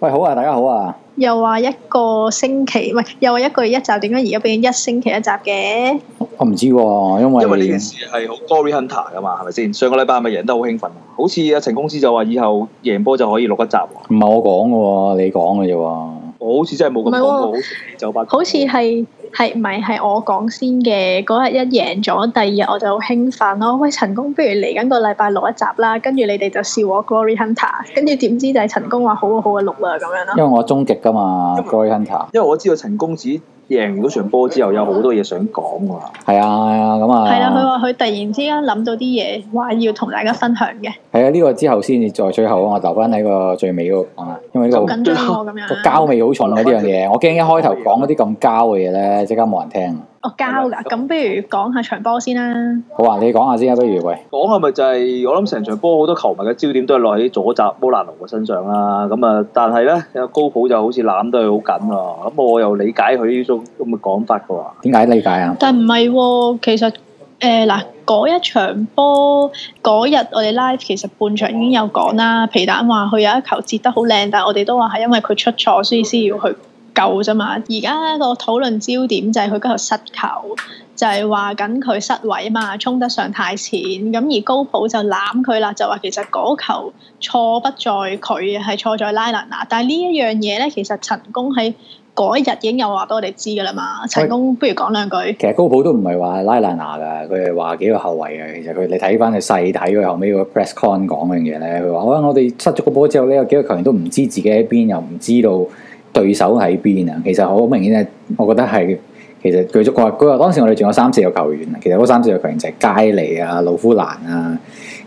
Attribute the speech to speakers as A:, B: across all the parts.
A: 喂，好啊，大家好啊！
B: 又話一個星期，唔係又話一個月一集，點解而家變成一星期一集嘅？
A: 我唔、啊、知喎、啊，因為呢件事係好 Gory Hunter 噶嘛，係咪先？
C: 上個禮拜咪贏得好興奮，好似阿陳公司就話以後贏波就可以錄一集、啊。唔
A: 係我講噶喎，你講嘅啫喎。我好似真係冇咁講過，就
B: 八、啊。好似係。係咪係我講先嘅？嗰日一贏咗，第二日我就好興奮咯。喂，陳公，不如嚟緊個禮拜錄一集啦。跟住你哋就笑我 Glory Hunter。跟住點知就係陳公話好啊，好啊，錄啊，咁樣咯。因為
A: 我終極㗎嘛為，Glory Hunter。因為我知道陳公子。贏完嗰場波之後，有好多嘢想講噶。係啊，係啊，咁啊。係啦、啊，佢
B: 話佢突然之間諗到啲嘢，話要同大家分享嘅。
A: 係啊，呢、這個之後先至再最後，我留翻喺個最尾嗰講啊。因為呢、這個好緊張，緊張 個膠味好重啊呢 樣嘢，我驚一開頭講嗰啲咁膠嘅嘢咧，即刻冇人聽。
B: 我、哦、交噶，咁不如講下場波先
A: 啦。好啊，你講下先啊，不如喂，講係咪就係、
C: 是、我諗成場波好多球迷嘅焦點都係落喺左閘波拿奴嘅身上啦。咁啊，但係咧，有高普就好似攬得係好緊啊。咁我又理解佢呢種咁嘅講法噶。
B: 點解理解啊？但唔係喎，其實誒嗱，嗰、呃、一場波嗰日我哋 live 其實半場已經有講啦。皮蛋話佢有一球接得好靚，但係我哋都話係因為佢出錯，所以先要去。夠啫嘛，而家個討論焦點就係佢嗰度失球，就係話緊佢失位啊嘛，衝得上太淺。咁而高普就攬佢啦，就話其實嗰球錯不在佢，係錯在拉蘭娜。但係呢一樣嘢咧，其實陳公喺嗰日已經有話俾我哋知噶啦嘛。陳公不如講兩句。其實
A: 高普都唔係話拉蘭娜㗎，佢係話幾個後衞啊。其實佢你睇翻佢，細睇佢後尾個 press con 講嘅嘢咧，佢話啊，我哋失咗個波之後咧，有幾個球員都唔知自己喺邊，又唔知道對手喺邊啊？其實好明顯係，我覺得係其實佢足話佢話當時我哋仲有三四個球員啊。其實嗰三四個球員就係佳尼啊、魯夫蘭啊、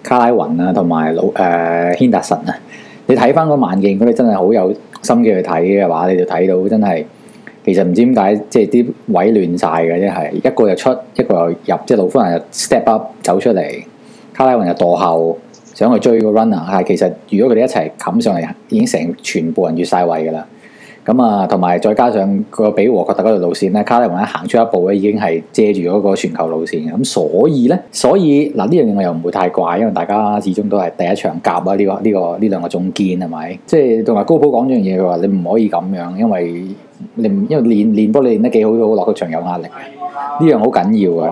A: 卡拉雲啊同埋魯誒亨達臣啊。呃、 你睇翻個慢鏡，嗰啲真係好有心機去睇嘅話，你就睇到真係其實唔知點解，即係啲位亂晒嘅，即係一個又出，一個又入，即係魯夫蘭又 step up 走出嚟，卡拉雲又墮後想去追個 runner，但係其實如果佢哋一齊冚上嚟，已經成全部人越晒位㗎啦。咁啊，同埋再加上個比和確達嗰條路線咧，卡利文行出一步咧，已經係遮住嗰個全球路線嘅。咁所以呢，所以嗱呢樣嘢我又唔會太怪，因為大家始終都係第一場夾啊。呢、這個呢、這個呢兩、這個總監係咪？即係同埋高普講呢樣嘢，佢話你唔可以咁樣，因為你因為練練波練得幾好都好，落咗場有壓力。呢樣好緊要嘅。咁、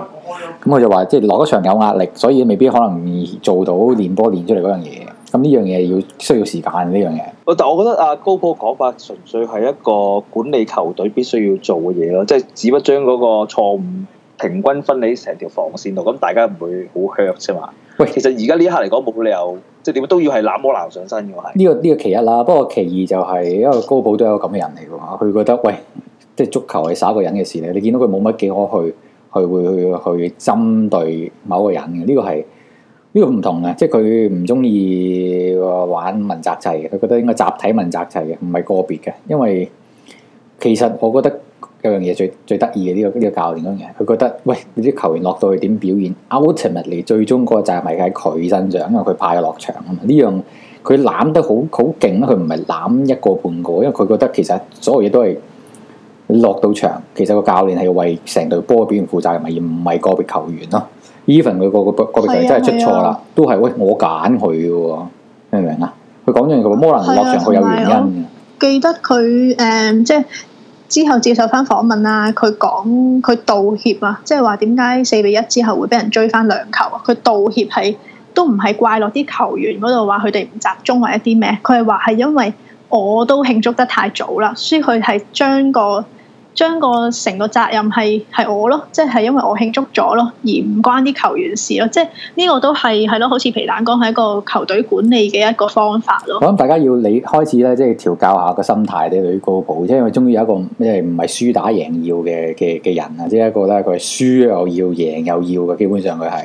A: 嗯、佢就話，即係落咗場有壓力，所以未必可能做到練波練出嚟嗰樣嘢。咁呢樣嘢要需要時間呢樣嘢。
C: 但我覺得阿高普講法純粹係一個管理球隊必須要做嘅嘢咯，即、就、係、是、只不將嗰個錯誤平均分喺成條防線度，咁大家唔會好靴啫嘛。喂，其實而家呢一刻嚟講冇理由，即係點都要係攬波籃上身要係。
A: 呢、這個呢、這個其一啦，不過其二就係、是、因為高普都有咁嘅人嚟嘅嘛，佢覺得喂，即、就、係、是、足球係耍個人嘅事咧，你見到佢冇乜嘅，可去，佢會去去針對某個人嘅，呢、這個係。都唔同嘅，即係佢唔中意玩問責制嘅，佢覺得應該集體問責制嘅，唔係個別嘅。因為其實我覺得有樣嘢最最得意嘅呢個呢、這個教練樣嘢，佢覺得喂，你啲球員落到去點表現，Ultimately 最終嗰個責任咪喺佢身上，因為佢派落場啊嘛。呢樣佢攬得好好勁，佢唔係攬一個半個，因為佢覺得其實所有嘢都係落到場，其實個教練係為成隊波表現負責嘅嘛，而唔係個別球員咯。Even 佢個個個別場真係出錯啦，啊啊、都係喂我揀佢嘅喎，明唔明啊？佢講咗，佢話摩納落場佢有原因嘅、啊。
B: 記得佢誒，即、嗯、係、就是、之後接受翻訪問啦，佢講佢道歉啊，即係話點解四比一之後會俾人追翻兩球啊？佢道歉係都唔係怪落啲球員嗰度話佢哋唔集中或者啲咩，佢係話係因為我都慶祝得太早啦，所以佢係將個。將個成個責任係係我咯，即係因為我慶祝咗咯，而唔關啲球員事咯。即係呢個都係係咯，好似皮蛋講係一個球隊管理嘅一個方法咯。我諗
A: 大家要你開始咧，即係調教下個心態你對高普，即係因為終於有一個即係唔係輸打贏要嘅嘅嘅人啊！即係一個咧，佢係輸又要贏又要嘅，基本上佢係。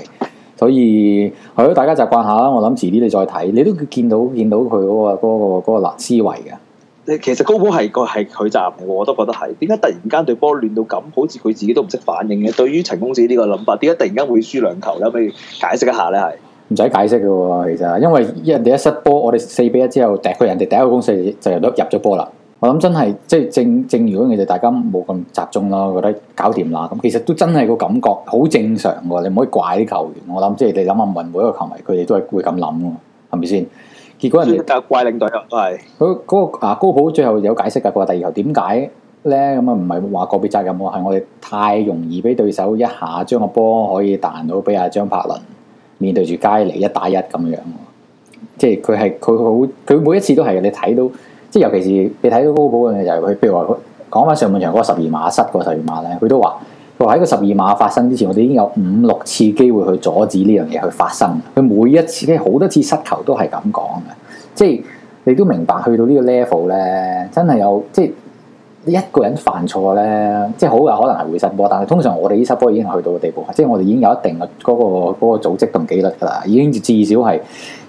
A: 所以係咯，大家習慣下。我諗遲啲你再睇，你都見到見到佢嗰個嗰個嗰個思維嘅。
C: 其實高普係個係佢責任嘅，我都覺得係。點解突然間對波亂到咁，好似佢自己都唔識反應嘅？對於陳公子呢個諗法，點解突然間會輸兩球咧？不如解釋一下咧，係
A: 唔使解釋嘅喎。其實因為人哋一失波，我哋四比一之後，第一人哋第一個攻勢就入咗波啦。我諗真係即係正正，正如果我哋大家冇咁集中咯，我覺得搞掂啦。咁其實都真係個感覺好正常嘅，你唔可以怪啲球員。我諗即係你諗下，問每一個球迷佢哋都係會咁諗，係咪先？結果人怪領隊啊，係嗰嗰個啊高普最後有解釋噶，佢話第二球點解咧咁啊？唔係話個別責任喎，係我哋太容易俾對手一下將個波可以彈到俾阿張柏倫面對住佳尼一打一咁樣，即係佢係佢好佢每一次都係你睇到，即係尤其是你睇到高普嘅嘢就係佢，譬如話講翻上半場嗰十二碼失嗰十二碼咧，佢都話。我喺個十二碼發生之前，我哋已經有五六次機會去阻止呢樣嘢去發生。佢每一次，即好多次失球都係咁講嘅，即係你都明白去到呢個 level 咧，真係有即係一個人犯錯咧，即係好有可能係會失波。但係通常我哋呢七波已經係去到個地步，即係我哋已經有一定嘅嗰個嗰個組織同紀律㗎啦。已經至少係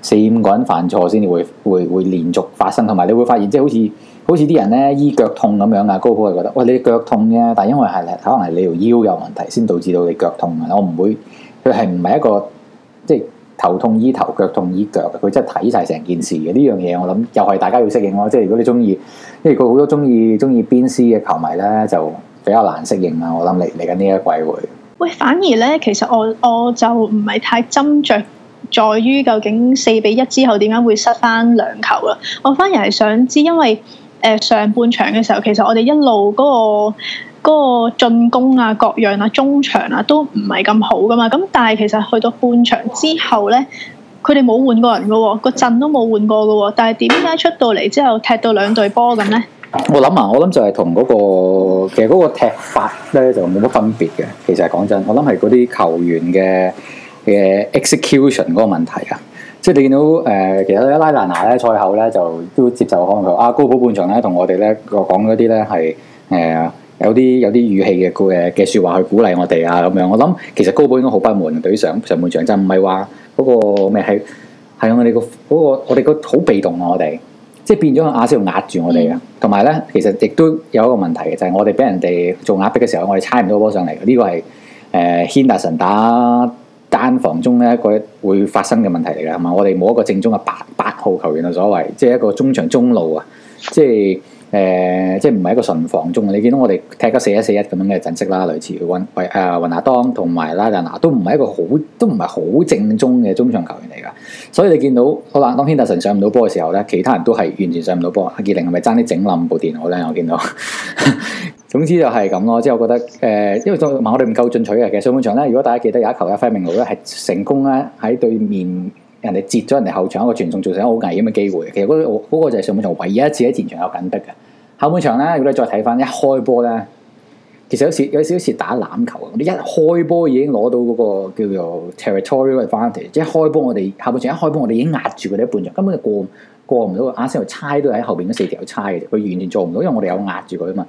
A: 四五個人犯錯先至會會會連續發生，同埋你會發現即係好似。好似啲人咧，醫腳痛咁樣啊，高哥係覺得，喂，你腳痛啫，但係因為係，可能係你條腰有問題，先導致到你腳痛啊。我唔會，佢係唔係一個即係頭痛醫頭，腳痛醫腳，佢真係睇晒成件事嘅呢樣嘢。我諗又係大家要適應咯。即係如果你中意，即係佢好多中意中意邊絲嘅球迷咧，就比較難適應啊。我諗嚟嚟緊呢
B: 一季會，喂，反而咧，其實我我就唔係太斟酌在於究竟四比一之後點解會失翻兩球啊？我反而係想知，因為。誒上半場嘅時候，其實我哋一路嗰個嗰個進攻啊、各樣啊、中場啊都唔係咁好噶嘛。咁但係其實去到半場之後咧，佢哋冇換過人嘅喎，個陣都冇換過嘅喎。但係點解出到嚟之後踢到兩隊波咁咧？
A: 我諗啊，我諗就係同嗰個其實嗰個踢法咧就冇乜分別嘅。其實講真，我諗係嗰啲球員嘅嘅 execution 嗰個問題啊。即係你見到誒、呃，其實拉蘭拿咧賽後咧就都接受可能佢啊高普半場咧同我哋咧講嗰啲咧係誒有啲有啲語氣嘅嘅嘅説話去鼓勵我哋啊咁樣。我諗其實高普應該好不滿對上上半場，真唔係話嗰個咩係係我哋、嗰個嗰、嗰個、我哋、嗰個好被動啊！我哋即係變咗壓少壓住我哋嘅。同埋咧，其實亦都有一個問題嘅，就係、是、我哋俾人哋做壓逼嘅時候，我哋猜唔到波上嚟嘅。呢、呢個係誒軒達臣打。呃間房中咧，一個會發生嘅問題嚟嘅，係嘛？我哋冇一個正宗嘅八八號球員嘅、啊、所謂，即係一個中場中路啊，即係。誒、呃，即係唔係一個純防中？你見到我哋踢咗四一四一咁樣嘅陣式啦，類似、呃、雲維誒雲拿當同埋拉蘭拿，都唔係一個好，都唔係好正宗嘅中場球員嚟㗎。所以你見到好啦、哦，當軒達臣上唔到波嘅時候咧，其他人都係完全上唔到波。阿杰寧係咪爭啲整冧部電腦咧？我見到。 總之就係咁咯，即係我覺得誒、呃，因為我哋唔夠進取嘅。其實上半場咧，如果大家記得有一球阿費明奴咧係成功咧喺對面人哋截咗人哋後場一個傳送，造成一個好危險嘅機會。其實嗰、嗰個嗰個就係上半場唯一一次喺前場有緊逼嘅。下半場咧，如果你再睇翻一,一開波咧，其實有少有少少打籃球嘅，我哋一開波已經攞到嗰個叫做 territorial advantage，即係開波我哋下半場一開波我哋已經壓住佢哋一半場，根本就過過唔到。阿仙奴猜都喺後邊嗰四條猜嘅，佢完全做唔到，因為我哋有壓住佢啊嘛。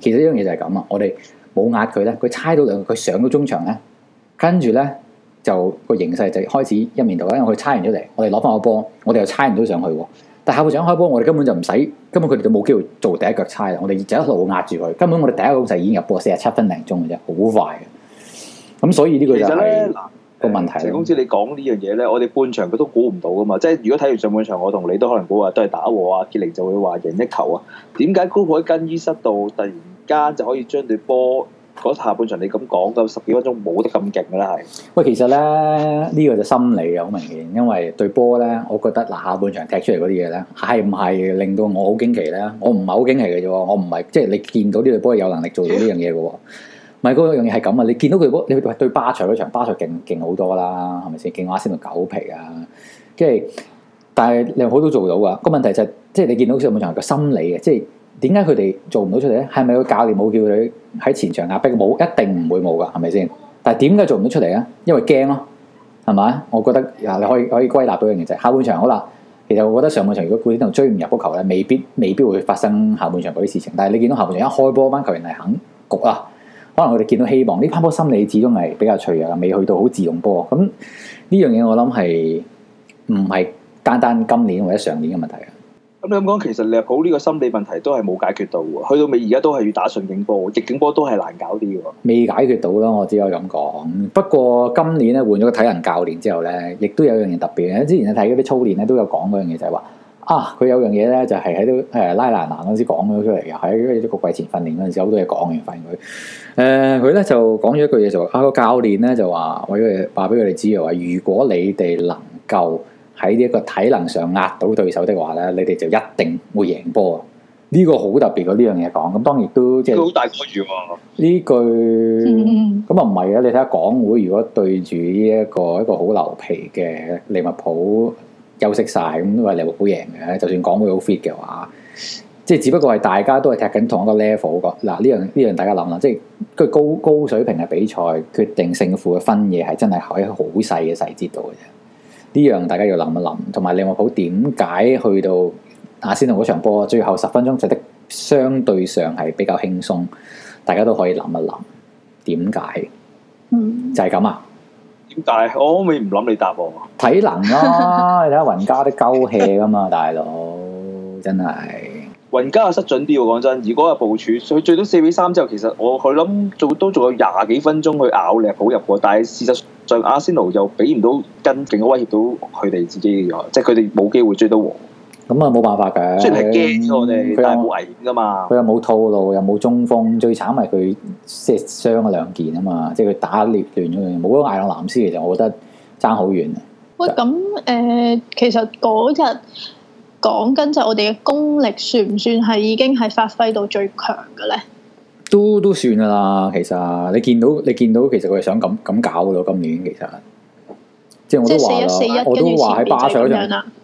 A: 其實呢樣嘢就係咁啊，我哋冇壓佢咧，佢猜到兩，佢上到中場咧，跟住咧就個形勢就開始一面倒啦。因為佢猜完出嚟，我哋攞翻個波，我哋又猜唔到上去喎。但係校長開波，我哋根本就唔使，根本佢哋都冇機會做第一腳差啦。我哋就一路壓住佢，根本我哋第一個攻勢已經入波，四十七分零鐘嘅啫，好快嘅。咁所以呢個就係咧
C: 嗱，個問題，陳、呃、公你講呢樣嘢咧，我哋半場佢都估唔到噶嘛。即係如果睇完上半場，我同你都可能估話，都係打和啊，傑尼就會話贏一球啊。點解高普喺更衣室度突然間就可以將對波？講下半場你咁講，咁十幾分鐘冇得咁勁嘅啦，係。
A: 喂，其實咧呢、呢個就心理嘅，好明顯，因為對波咧，我覺得嗱，下半場踢出嚟嗰啲嘢咧，係唔係令到我好驚奇咧？我唔係好驚奇嘅啫，我唔係即係你見到呢隊波有能力做到呢 樣嘢嘅喎。唔係嗰樣嘢係咁啊！你見到佢你對巴塞嗰場，巴塞勁勁好多啦，係咪先勁過阿仙奴狗皮啊？即係，但係利物浦都做到噶。個問題就係、即係你見到上半場個心理嘅，即係。點解佢哋做唔到出嚟咧？係咪個教練冇叫佢喺前場壓逼？冇一定唔會冇噶，係咪先？但係點解做唔到出嚟咧？因為驚咯，係咪？我覺得啊，你可以可以歸納到一樣嘢就係下半場好啦。其實我覺得上半場如果嗰啲同追唔入波球咧，未必未必會發生下半場嗰啲事情。但係你見到下半場一開波，班球員係肯焗啊，可能佢哋見到希望，呢批波心理始終係比較脆弱，未去到好自動波。咁呢樣嘢我諗係唔係單單今年或者上年嘅問題啊？
C: 咁樣講，其實利物浦呢個心理問題都係冇解決到喎，去到未而家都係要打順境波，逆境波都係難
A: 搞啲喎。未解決到啦，我只可以咁講。不過今年咧換咗個體能教練之後咧，亦都有一樣嘢特別。之前睇嗰啲操練咧都有講嗰樣嘢，就係話啊，佢有樣嘢咧就係喺度誒拉拉難嗰陣時講咗出嚟，嘅。喺一個季前訓練嗰陣時好多嘢講嘅。發現佢誒佢咧就講咗一句嘢，就話啊，個教練咧就話，我要話俾佢哋知嘅話，如果你哋能夠。喺呢一個體能上壓到對手的話咧，你哋就一定會贏波。呢、這個好特別嘅呢樣嘢講。咁當然都即係好
C: 大個月喎。
A: 呢句咁啊唔係啊！你睇下港會，如果對住呢、這個、一個一個好流皮嘅利物浦休息晒，咁都話利物浦贏嘅。就算港會好 fit 嘅話，即係只不過係大家都係踢緊同一個 level、這個。嗱呢樣呢樣大家諗諗，即、這、係、個、高高水平嘅比賽決定勝負嘅分野係真係喺好細嘅細節度嘅。呢樣大家要諗一諗，同埋利物浦點解去到阿仙奴嗰場波最後十分鐘，就質相對上係比較輕鬆，大家都可以諗一諗點解？嗯、就係咁啊？點解？我未唔諗你答喎？體能啦、啊，而 家雲加都鳩氣嘛，大佬真係雲
C: 加失準啲喎。講真，如果係部署，所以最多四比三之後，其實我去諗做都仲有廿幾分鐘去咬利物浦入過，但係事實。阿仙奴又俾唔到跟，更加威脅到佢哋自己，
A: 嘅，即係佢哋冇機會追到和。咁啊冇辦法嘅，雖然係驚我
C: 哋，佢係冇危險噶嘛。佢
A: 又冇套路，又冇中鋒，最慘係佢即係傷咗兩件啊嘛，即係佢打裂斷咗，冇咗艾朗藍斯喂是、嗯。其實我覺得爭好遠啊。
B: 喂，咁誒，其實嗰日講緊就係我哋嘅功力，算唔算係已經係發揮到最強嘅咧？
A: 都都算啦，其實你見到你見到，其實佢係想咁咁搞嘅咯，今年其實即係我都話啦，我都話喺前面 巴塞嗰場，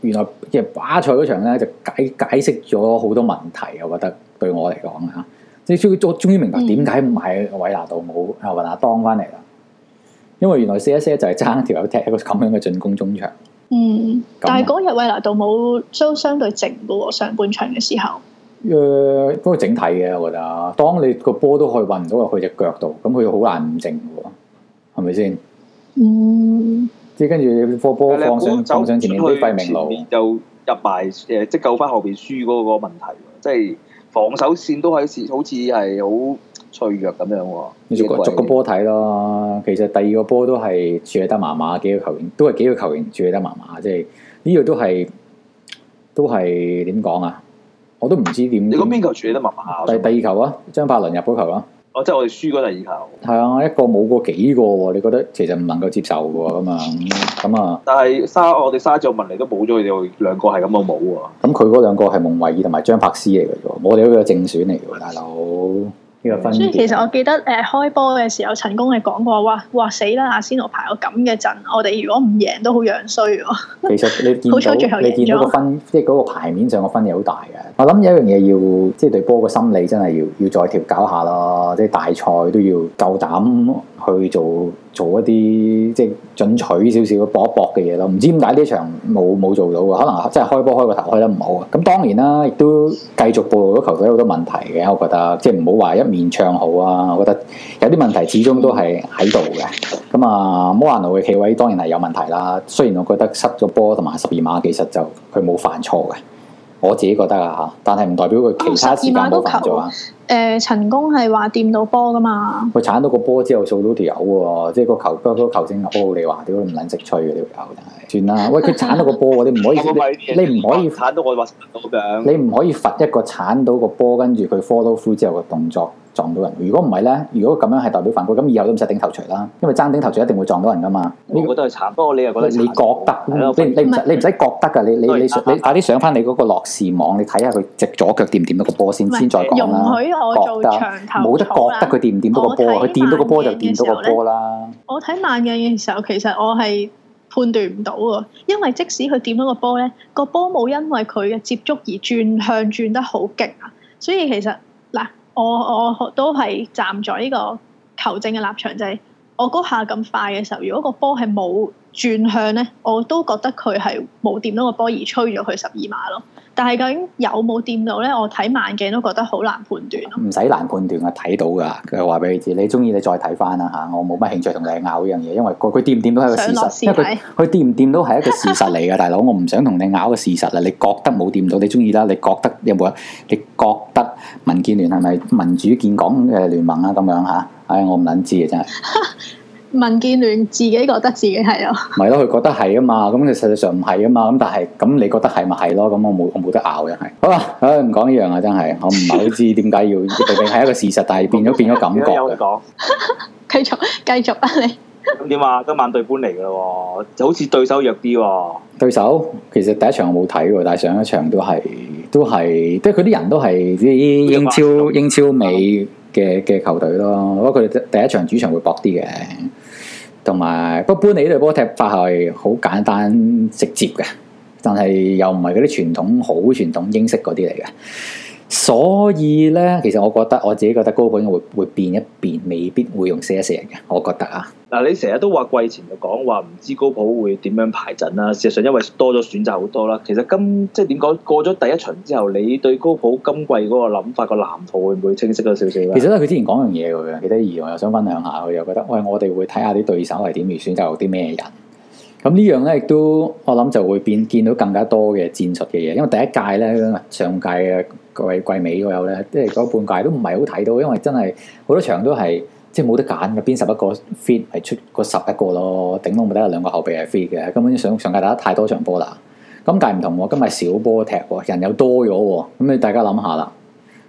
A: 原來即係巴塞嗰場咧就解解釋咗好多問題，我覺得對我嚟講啊，你終於終於明白點解唔係維納杜姆，啊云阿當翻嚟啦，因為原來四一四一就係爭一條友踢一個咁樣嘅進攻中場。
B: 嗯，樣但係嗰日維納杜姆，都相對靜嘅喎，上半場嘅時候。誒，
A: 嗰個、嗯、整體嘅，我覺得，當你個波都可以運唔到去隻腳度，咁佢好難唔靜嘅，係咪先？嗯，即係跟住個波放上放上前面啲廢名路，
C: 就入埋誒即救翻後邊輸嗰個問題，即係防守線都係好似係好脆弱咁樣。位逐個逐個波
A: 睇咯，其實第二個波都係處理得麻麻，幾個球員都係幾個球員處理得麻麻，即係呢個都係都係點講啊？我都唔知點，你講邊球處理得密？煩啊？第第二球啊，張柏倫入嗰球啊，
C: 哦，即係我哋輸嗰第二
A: 球，係啊，一個冇過幾個，你覺得其實唔能夠接受噶嘛，咁啊，但
C: 係沙我哋
A: 沙治文尼都冇咗，佢哋兩個係咁啊冇啊，咁佢嗰兩個係蒙維爾同埋張柏斯嚟嘅啫，我哋嗰個正選嚟嘅大佬。所以其
B: 實我記得誒、呃、開波嘅時候，陳工係講過，哇哇死啦！阿仙奴排個咁嘅陣，我哋如果唔贏都好樣衰喎。 其實你見到最後你見到個
A: 分，即係嗰個牌面上個分係好大嘅。我諗有一樣嘢要，即係對波嘅心理真係要要再調搞下咯。即係大賽都要夠膽去做。做一啲即係進取少少、搏一搏嘅嘢咯，唔知點解呢場冇冇做到嘅，可能即係開波開個頭開得唔好啊。咁當然啦，亦都繼續暴露咗球隊好多問題嘅，我覺得即係唔好話一面唱好啊。我覺得有啲問題始終都係喺度嘅。咁啊，摩蘭路嘅企位當然係有問題啦。雖然我覺得失咗波同埋十二碼，其實就佢冇犯錯嘅。我自己覺得啊嚇，但係唔代表佢其他時間冇犯錯。誒、啊
B: 呃，陳功係話掂到波噶嘛？
A: 佢鏟到個波之後掃到條友喎，即係個球，個、那個球星嘅波，你話，屌唔撚識吹嘅條友，這個、真係。算啦，喂，佢鏟到個波，你唔可以， 你唔可以鏟到我話唔到嘅。 你唔可以罰一個鏟到個波，跟住佢 follow through 之後嘅動作。撞到人，如果唔係咧，如果咁樣係代表犯規，咁以後都唔使頂頭槌啦，因為爭頂頭槌一定會撞到人噶嘛。呢個都係慘，不過你又覺得你覺得，你唔使你唔使覺得噶，你你你你快啲上翻你嗰個樂視網，你睇下佢隻左腳掂唔掂到個波先，先再講容許我做長頭覺得冇得覺得佢掂唔掂到個波，佢掂到個波就掂到個波
B: 啦。我睇慢鏡嘅時候，其實我係判斷唔到喎，因為即使佢掂到個波咧，個波冇因為佢嘅接觸而轉向轉得好勁啊，所以其實。我我都係站在呢個球證嘅立場，就係、是、我嗰下咁快嘅時候，如果個波係冇轉向咧，我都覺得佢係冇掂到個波而吹咗佢十二碼咯。但係究竟有冇掂到咧？我睇慢鏡都覺得好難判斷。
A: 唔使難判斷啊，睇到噶。佢話俾你知，你中意你再睇翻啦嚇。我冇乜興趣同你拗呢樣嘢，因為佢掂唔掂到係個事實，因為佢掂唔掂到係一個事實嚟噶， 大佬。我唔想同你拗個事實啦。你覺得冇掂到，你中意啦。你覺得有冇啊？你覺得民建聯係咪民主建港嘅聯盟啊？咁樣嚇？唉、哎，我唔撚知啊，真係。
B: 民建聯自己覺得自己係
A: 咯，咪咯佢覺得係啊嘛，咁佢實際上唔係啊嘛，咁但係咁你覺得係咪係咯？咁我冇我冇得拗又係。好啦，唔講呢樣啊，啊啊樣真係我唔係好知點解要係 一個事實，但係變咗 變咗感覺嘅
B: 繼續繼續啊你。
A: 咁點話？今晚對盤嚟嘅喎，就 好似對手弱啲喎、哦。對手其實第一場我冇睇喎，但係上一場都係都係，即係佢啲人都係英超 英超美嘅嘅球隊咯。我覺得佢第一場主場會搏啲嘅。同埋，不過搬你呢隊波踢法係好簡單直接嘅，但係又唔係嗰啲傳統好傳統英式嗰啲嚟嘅，所以咧，其實我覺得我自己覺得高普應該會會變一變，未必會用四一四人嘅，我覺得啊。
C: 嗱，你成日都話季前就講話唔知高普會點樣排陣啦、啊。事實上，因為多咗選擇好多啦。其實今即係點講過咗第一場之後，你對高普今季嗰個諗法個藍圖會唔會清晰咗少少咧？其實咧，佢之前
A: 講樣嘢咁樣，幾得意，我又想分享下。我又覺得，喂，我哋會睇下啲對手係點而選擇，就啲咩人。咁呢樣咧，亦都我諗就會變見到更加多嘅戰術嘅嘢。因為第一屆咧、上屆嘅各位季尾嗰有咧，即係嗰半屆都唔係好睇到，因為真係好多場都係。即係冇得揀，邊十一個 fit 係出嗰十一個咯，頂籠冇得有兩個後備係 fit 嘅。根本上上屆打得太多場波啦、哦，今屆唔同喎，今日少波踢、哦，人又多咗喎、哦，咁你大家諗下啦，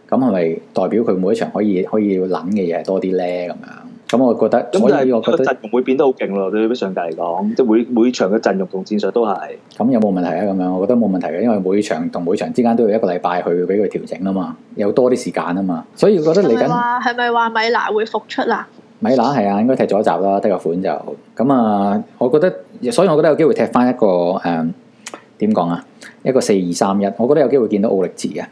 A: 咁係咪代表佢每一場可以可以要諗嘅嘢多啲咧咁樣？咁、嗯、我覺得，咁即係個陣
C: 容會變得好勁咯。對上屆嚟講，即係每每場嘅陣容同戰術都係。
A: 咁有冇問題啊？咁樣我覺得冇問題嘅、啊，因為每場同每場之間都要一個禮拜去俾佢調整啦嘛，有多啲時間啊嘛。所以我覺得嚟緊
B: 係咪話米拿會復出啊？
A: 米拿係啊，應該踢咗一集啦，得個款就。咁啊，我覺得，所以我覺得有機會踢翻一個誒點講啊，一個四二三一，我覺得有機會見到奧力士啊。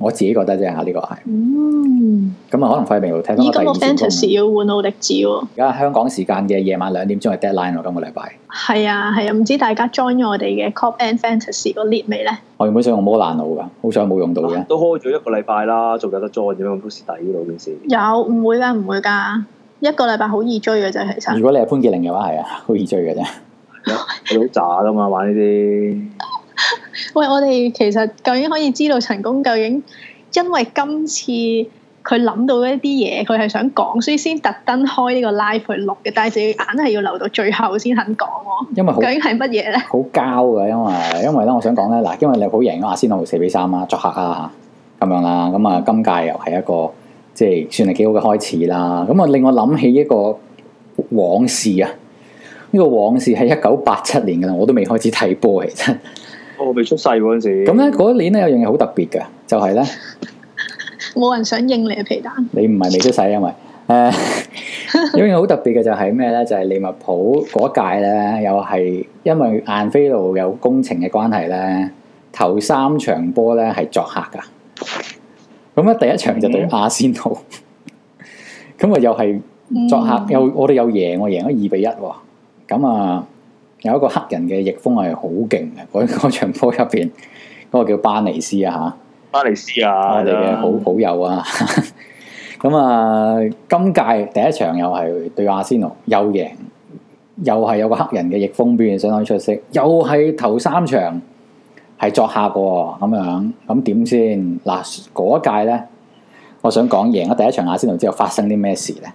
A: 我自己覺得啫嚇、啊，呢個係。嗯。咁啊，可能費明聽多啲。依個 fantasy
B: 要換奧迪紙喎。
A: 而家香港時間嘅夜晚兩點鐘係 deadline 咯，今個禮拜。
B: 係啊，係啊，唔、啊、知大家 join 咗我哋嘅 Kop End Fantasy 個列未咧？
A: 我原本想用摩納奴㗎，好彩冇用到嘅、啊，都開咗一個禮拜啦，仲有得 join 點樣都蝕底呢度件事。
B: 有唔會㗎，唔會㗎，一個禮拜好易追嘅啫，其實。如
A: 果你係潘潔玲嘅話，係啊，好易追嘅啫，你好渣㗎嘛，玩呢啲。
B: 喂，我哋其實究竟可以知道陳功，究竟因為今次佢諗到一啲嘢，佢係想講，所以先特登開呢個 live 去錄嘅。但係就要硬係要留到最後先肯講喎。因為究竟係乜嘢咧？
A: 好膠嘅，因為因為咧，我想講咧嗱，因為你好贏啊，阿仙奴四比三啊，作客啊咁樣啦。咁啊，今屆又係一個即係算係幾好嘅開始啦。咁啊，令我諗起一個往事啊。呢個往事係一九八七年嘅啦，我都未開始睇波嚟，其實。我未、哦、出世嗰陣時，咁咧嗰年咧有樣嘢好特別嘅，就係、是、咧，
B: 冇人想應你嘅皮蛋。你唔係
A: 未出世，因為誒、呃，有樣嘢好特別嘅就係咩咧？就係、是、利物浦嗰屆咧，又係因為晏菲路有工程嘅關係咧，頭三場波咧係作客噶咁咧第一場就對阿仙奴，咁啊、嗯、 又係作客，又我哋又贏，我贏咗二比一、哦。咁啊。有一個黑人嘅逆風係好勁嘅，嗰、嗰、嗰、個、場波入邊，嗰、嗰個叫巴尼斯啊吓，
C: 巴尼斯啊，
A: 我哋嘅好好友啊。咁 啊，今屆第一場又係對阿仙奴，又贏，又係有個黑人嘅逆風表現相當出色，又係頭三場係作客嘅，咁樣咁點先？嗱，嗰一屆咧，我想講贏咗第一場阿仙奴之後發生啲咩事咧？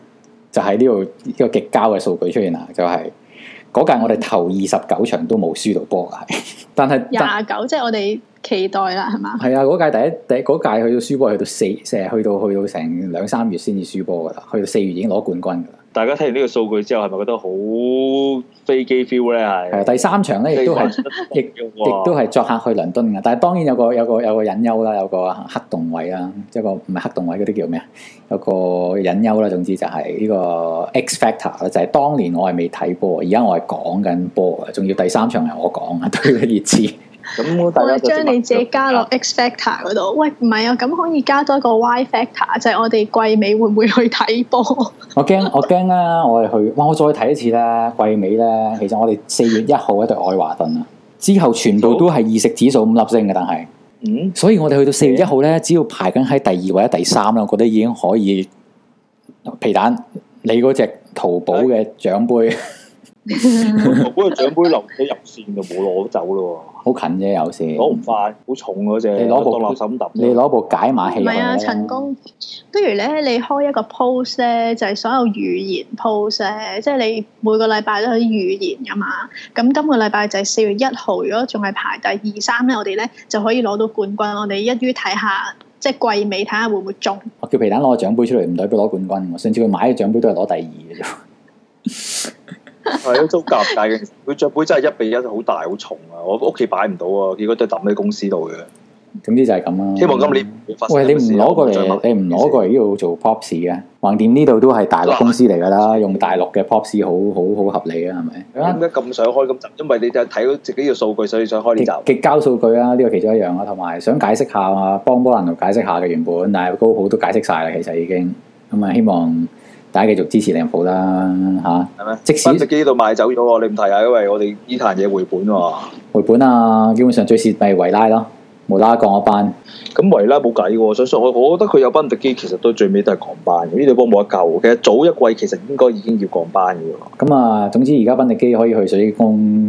A: 就喺呢度一個極交嘅數據出現啦，就係、是。嗰屆我哋頭二十九場都冇輸到波嘅，但係廿
B: 九即係我哋期待啦，係嘛？係
A: 啊，嗰屆第一第一嗰屆去到輸波去到四，成日去到去到成兩三月先至輸波噶啦，去到四月已經攞冠軍噶啦。大家睇
C: 完呢個數據之後，係咪覺得好？飛機 feel 咧，係，第三場咧亦都係，
A: 亦亦 都係作客去倫敦嘅。但係當然有個有個有個隱憂啦，有個黑洞位啦，即係個唔係黑洞位嗰啲叫咩啊？有個隱憂啦，總之就係呢個 X factor 啦，actor，就係當年我係未睇波，而家我係講緊波，仲要第三場係我講啊，對啲熱刺。我將你自己
B: 加落 X factor 嗰度，喂，唔係啊，咁可以加多一個 Y factor，就係我哋季尾會唔會去睇波？
A: 我驚，我驚啦！我哋去，哇！我再睇一次啦，季尾咧，其實我哋四月一號喺度愛華頓啊，之後全部都係二食指數五粒星嘅，但係，嗯，所以我哋去到四月一號咧，的只要排緊喺第二或者第三啦，我覺得已經可以皮蛋，你嗰隻淘寶嘅獎杯，淘寶嘅獎杯臨尾入線就冇攞走咯。好近啫，有時攞唔快，好重嗰隻。你攞部你攞部解碼器。唔係啊，想陳功。
B: 不如咧，你開一個 post 咧，就係所有預言 post，即係你每個禮拜都可以預言噶嘛。咁今個禮拜就係四月一號，如果仲係排第二三咧，3，我哋咧就可以攞到冠軍。我哋一於睇下，即、就、係、是、季尾睇下會唔會中。
A: 我叫皮蛋攞個獎杯出嚟，唔代表攞冠軍。甚至佢買嘅獎杯都係攞第二嘅。
C: 係都好尷尬嘅，佢帳本真係一比一好大好重啊！我屋企擺唔到啊，結果都抌喺公司度嘅。
A: 總之就係咁啦。希望今年喂你唔攞過嚟，你唔攞過嚟要 做 pops 嘅，橫掂呢度都係大陸公司嚟噶啦，啊、用大陸嘅 pops 好好好，好合理啊，係咪？
C: 點解咁想開？咁因為你就睇到自己嘅數據，所
A: 以想開呢集。極交數據啊，呢、呢個其中一樣啊，同埋想解釋下啊，幫波蘭奴解釋下嘅原本，但係高普都解釋晒啦，其實已經咁啊，希望。大家繼續支持靚鋪啦嚇，啊、嗎即使賓迪基呢度賣走咗，你唔提啊，因為我哋呢單嘢回本喎、啊。回本啊，基本上最蝕咪維拉咯，維拉降一班。咁維拉冇計喎，所以所我
C: 覺得佢有賓迪基其實都最尾都係降班嘅，呢隊波冇得救，其實早一季其實應該已經要降班嘅。
A: 咁啊、嗯，總之而家賓迪基可以去水晶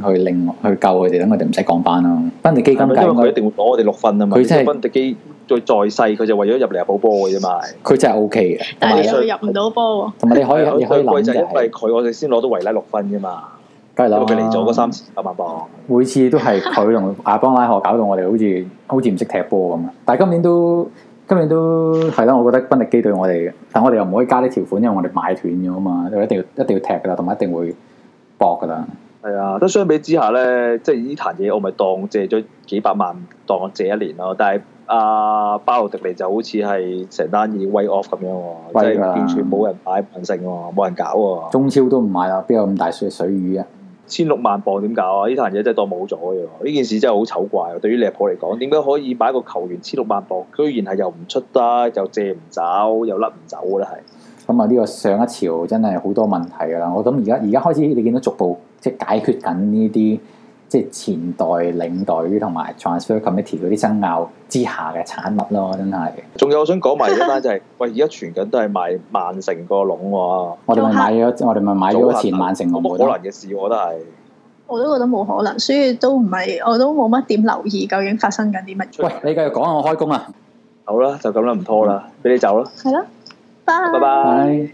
A: 宮去令去救佢哋，等佢哋唔使降班咯。賓迪基今屆佢一
C: 定會攞我哋六分啊嘛。佢聽。再再細佢就為咗入嚟係補波嘅啫嘛，佢真係 O K 嘅，有但係佢入唔
B: 到波。同埋你可以 你可以諗嘅係，因
C: 為佢我哋先攞到維拉六分啫嘛，雞攞佢嚟咗嗰三次八萬磅，
A: 每次都係佢同亞邦拉荷搞到我哋好似好似唔識踢波咁啊！但係今年都今年都係咯，我覺得賓力基對我哋，但我哋又唔可以加啲條款，因為我哋買斷咗啊嘛，就一定要一定要踢噶啦，同埋一定會搏噶啦。
C: 係啊，都相比之下咧，即係呢壇嘢我咪當借咗幾百萬，當我借一年咯，但係。阿、uh，巴洛迪尼就好似係成單嘢 way off 咁樣、啊，即係的完全冇人買品性喎，冇人搞喎、啊。中超都唔買啊，邊有咁大水水魚啊？千六萬磅點搞啊？呢層嘢真係當冇咗嘅喎，呢件事真係好醜怪啊。對於利物浦嚟講，點解、嗯、可以買一個球員千六萬磅？居然係又唔出得、啊，又借唔走，又
A: 甩唔走咧，係。咁啊，呢、嗯、個上一潮真係好多問題㗎啦。我諗而家而家開始，你見到逐步即係解決緊呢啲。即係前代領隊同埋 Transfer Committee 嗰啲爭拗之下嘅產物咯，真係。
C: 仲有我想講埋一單就係、是，喂，而家傳緊都係賣萬城個籠喎、啊客。我哋咪買咗，我哋咪買咗前萬城籠客，冇多可能嘅事，我都係。
B: 我都覺得冇可能，所以都唔係，我都冇乜點留意究竟發生緊啲乜。喂，
C: 你繼續講下我開工啊。好啦，就咁啦，唔拖啦，俾你走啦。
B: 係囉，拜拜。